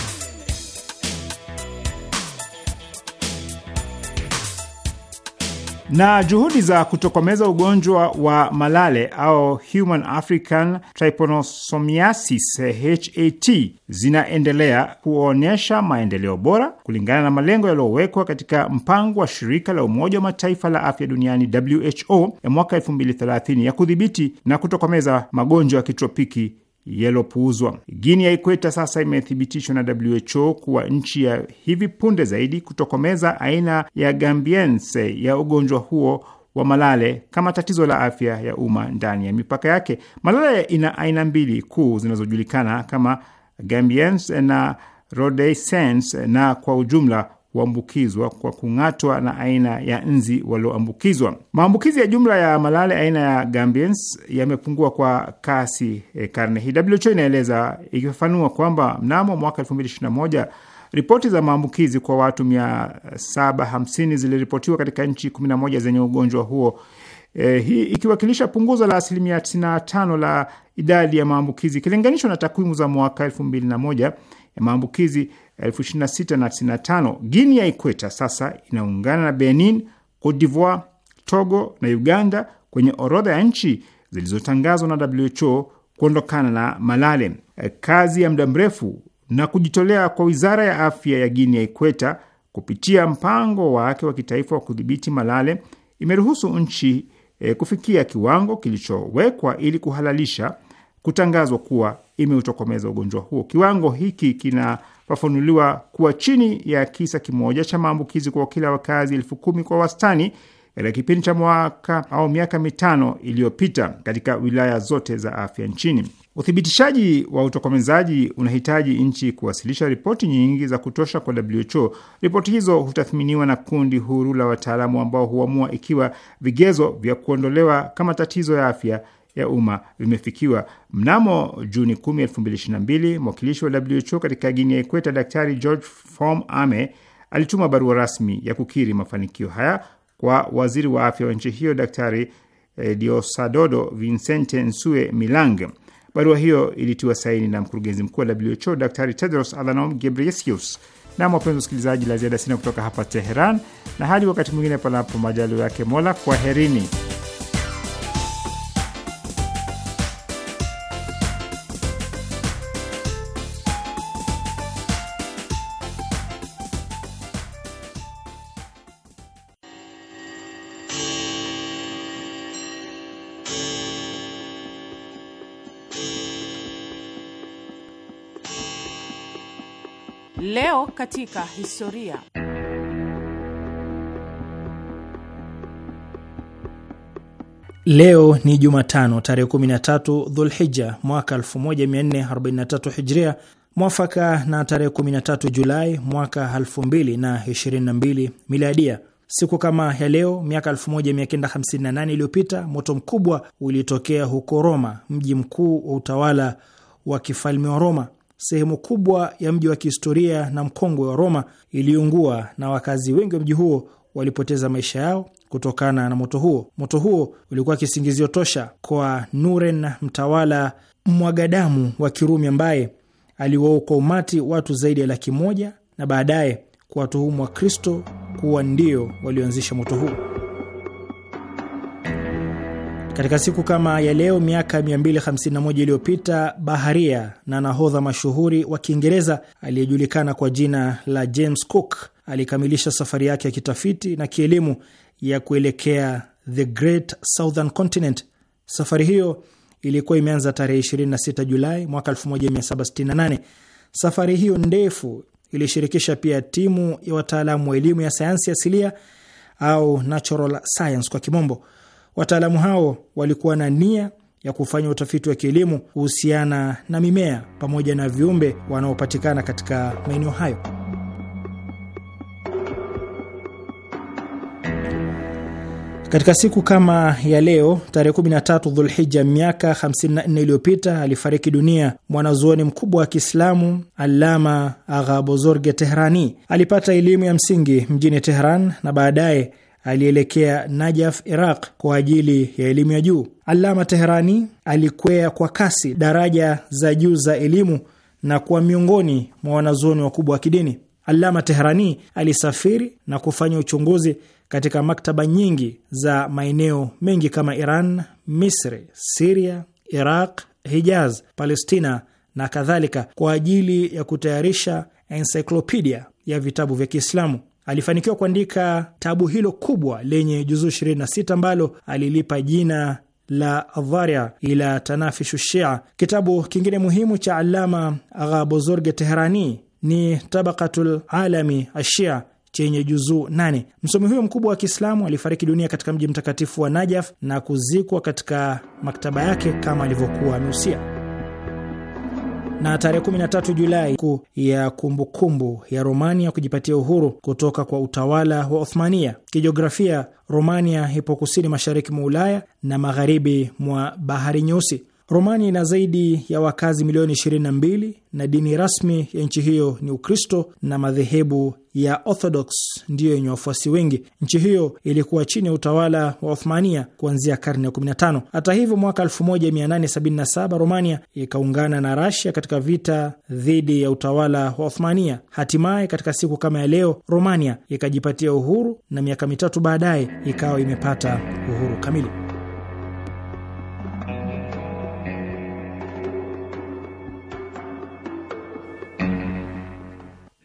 na juhudi za kutokomeza ugonjwa wa malale au Human African Trypanosomiasis HAT zinaendelea kuonyesha maendeleo bora kulingana na malengo yaliyowekwa katika mpango wa shirika la Umoja wa Mataifa la afya duniani WHO ya mwaka 2030 ya kudhibiti na kutokomeza magonjwa ya kitropiki yalopuuzwa Guini ya Ikweta sasa imethibitishwa na WHO kuwa nchi ya hivi punde zaidi kutokomeza aina ya gambiense ya ugonjwa huo wa malale kama tatizo la afya ya umma ndani ya mipaka yake. Malale ina aina mbili kuu zinazojulikana kama gambiense na rhodesiense, na kwa ujumla kuambukizwa kwa kung'atwa na aina ya nzi walioambukizwa. Maambukizi ya jumla ya malale aina ya Gambians yamepungua kwa kasi e, karne hii, WHO inaeleza ikifafanua kwamba mnamo mwaka 2021 ripoti za maambukizi kwa watu 750 ziliripotiwa katika nchi 11 zenye ugonjwa huo. E, hii ikiwakilisha punguzo la asilimia 95 la idadi ya maambukizi ikilinganishwa na takwimu za mwaka 2001 ya maambukizi elfu ishirini na sita na tisini na tano. ya Ikweta sasa inaungana na Benin, Cote d'Ivoire, Togo na Uganda kwenye orodha ya nchi zilizotangazwa na WHO kuondokana na malale. Kazi ya muda mrefu na kujitolea kwa wizara ya afya ya Guinea ya Ikweta kupitia mpango wake wa kitaifa wa kudhibiti malale imeruhusu nchi e, kufikia kiwango kilichowekwa ili kuhalalisha kutangazwa kuwa imeutokomeza ugonjwa huo. Kiwango hiki kina wafunuliwa kuwa chini ya kisa kimoja cha maambukizi kwa kila wakazi elfu kumi kwa wastani katika kipindi cha mwaka au miaka mitano iliyopita katika wilaya zote za afya nchini. Uthibitishaji wa utokomezaji unahitaji nchi kuwasilisha ripoti nyingi za kutosha kwa WHO. Ripoti hizo hutathminiwa na kundi huru la wataalamu ambao huamua ikiwa vigezo vya kuondolewa kama tatizo ya afya ya umma vimefikiwa. Mnamo Juni 10, 2022 mwakilishi wa WHO katika Guinea ya Daktari George Fom Ame alituma barua rasmi ya kukiri mafanikio haya kwa waziri wa afya wa nchi hiyo Daktari eh, Diosadodo Vincente Nsue Milange. Barua hiyo ilitiwa saini na mkurugenzi mkuu wa WHO Daktari Tedros Adhanom Ghebreyesus. Na wapenzi wasikilizaji, la ziada sina kutoka hapa Teheran, na hadi wakati mwingine, panapo majalio yake Mola, kwaherini. katika historia. Leo ni Jumatano tarehe 13 Dhulhija mwaka 1443 Hijria, mwafaka na tarehe 13 Julai mwaka 2022 Miladia. Siku kama ya leo miaka 1958 iliyopita moto mkubwa ulitokea huko Roma, mji mkuu wa utawala wa kifalme wa Roma sehemu kubwa ya mji wa kihistoria na mkongwe wa Roma iliungua na wakazi wengi wa mji huo walipoteza maisha yao kutokana na moto huo. Moto huo ulikuwa kisingizio tosha kwa Nuren, mtawala mwagadamu wa Kirumi ambaye aliwaua umati watu zaidi ya laki moja na baadaye kuwatuhumu Wakristo kuwa ndio walioanzisha moto huo. Katika siku kama ya leo miaka 251 iliyopita baharia na nahodha mashuhuri wa Kiingereza aliyejulikana kwa jina la James Cook alikamilisha safari yake ya kitafiti na kielimu ya kuelekea the Great Southern Continent. Safari hiyo ilikuwa imeanza tarehe 26 Julai mwaka 1768. Safari hiyo ndefu ilishirikisha pia timu ya wataalamu wa elimu ya sayansi asilia au natural science kwa kimombo. Wataalamu hao walikuwa na nia ya kufanya utafiti wa kielimu kuhusiana na mimea pamoja na viumbe wanaopatikana katika maeneo hayo. Katika siku kama ya leo tarehe 13 Dhulhija, miaka 54 iliyopita alifariki dunia mwanazuoni mkubwa wa Kiislamu alama aghabozorge Tehrani. Alipata elimu ya msingi mjini Tehran na baadaye alielekea Najaf, Iraq, kwa ajili ya elimu ya juu. alama Teherani alikwea kwa kasi daraja za juu za elimu na kuwa miongoni mwa wanazuoni wakubwa wa kidini. alama Teherani alisafiri na kufanya uchunguzi katika maktaba nyingi za maeneo mengi kama Iran, Misri, Siria, Iraq, Hijaz, Palestina na kadhalika, kwa ajili ya kutayarisha ensiklopedia ya vitabu vya Kiislamu alifanikiwa kuandika tabu hilo kubwa lenye juzuu 26 ambalo alilipa jina la Dharia ila tanafishu Shia. Kitabu kingine muhimu cha Alama Ghabozorge Teherani ni Tabakatul Alami Ashia chenye juzuu nane. Msomi huyo mkubwa wa Kiislamu alifariki dunia katika mji mtakatifu wa Najaf na kuzikwa katika maktaba yake kama alivyokuwa ameusia na tarehe 13 Julai ku ya kumbukumbu kumbu ya Romania kujipatia uhuru kutoka kwa utawala wa Othmania. Kijiografia, Romania ipo kusini mashariki mwa Ulaya na magharibi mwa Bahari Nyeusi. Romania ina zaidi ya wakazi milioni 22 na dini rasmi ya nchi hiyo ni Ukristo na madhehebu ya Orthodox ndiyo yenye wafuasi wengi. Nchi hiyo ilikuwa chini ya utawala wa Othmania kuanzia karne ya 15. Hata hivyo, mwaka 1877 Romania ikaungana na Rasia katika vita dhidi ya utawala wa Othmania. Hatimaye, katika siku kama ya leo, Romania ikajipatia uhuru na miaka mitatu baadaye ikawa imepata uhuru kamili.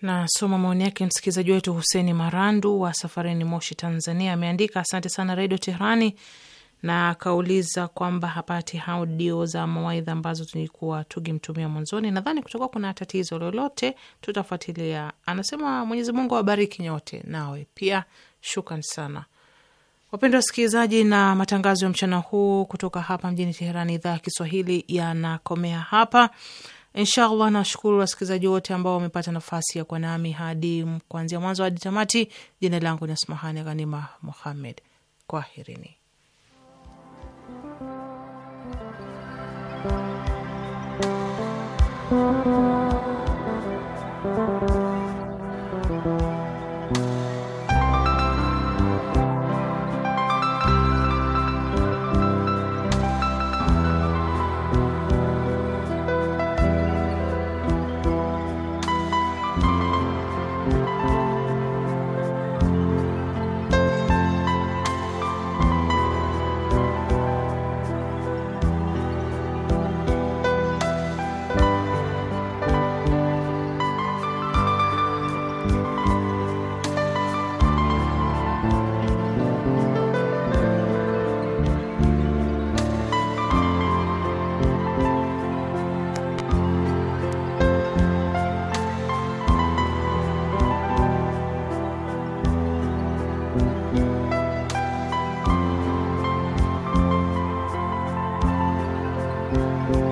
Nasoma maoni yake msikilizaji wetu Huseni Marandu wa safarini Moshi, Tanzania. Ameandika asante sana Redio Teherani, na akauliza kwamba hapati audio za mawaidha ambazo tulikuwa tukimtumia mwanzoni. Nadhani kutokua kuna tatizo lolote, tutafuatilia. Anasema Mwenyezi Mungu awabariki nyote, nawe pia shukran sana. Wapendwa wasikilizaji, na matangazo ya mchana huu kutoka hapa mjini Teherani, idhaa ya Kiswahili yanakomea hapa. Inshallah, nashukuru wasikilizaji wote ambao wamepata nafasi ya kuwa nami hadi kuanzia mwanzo hadi tamati. Jina langu ni Asmahani Ghanima Muhammed. Kwaherini. Thank you.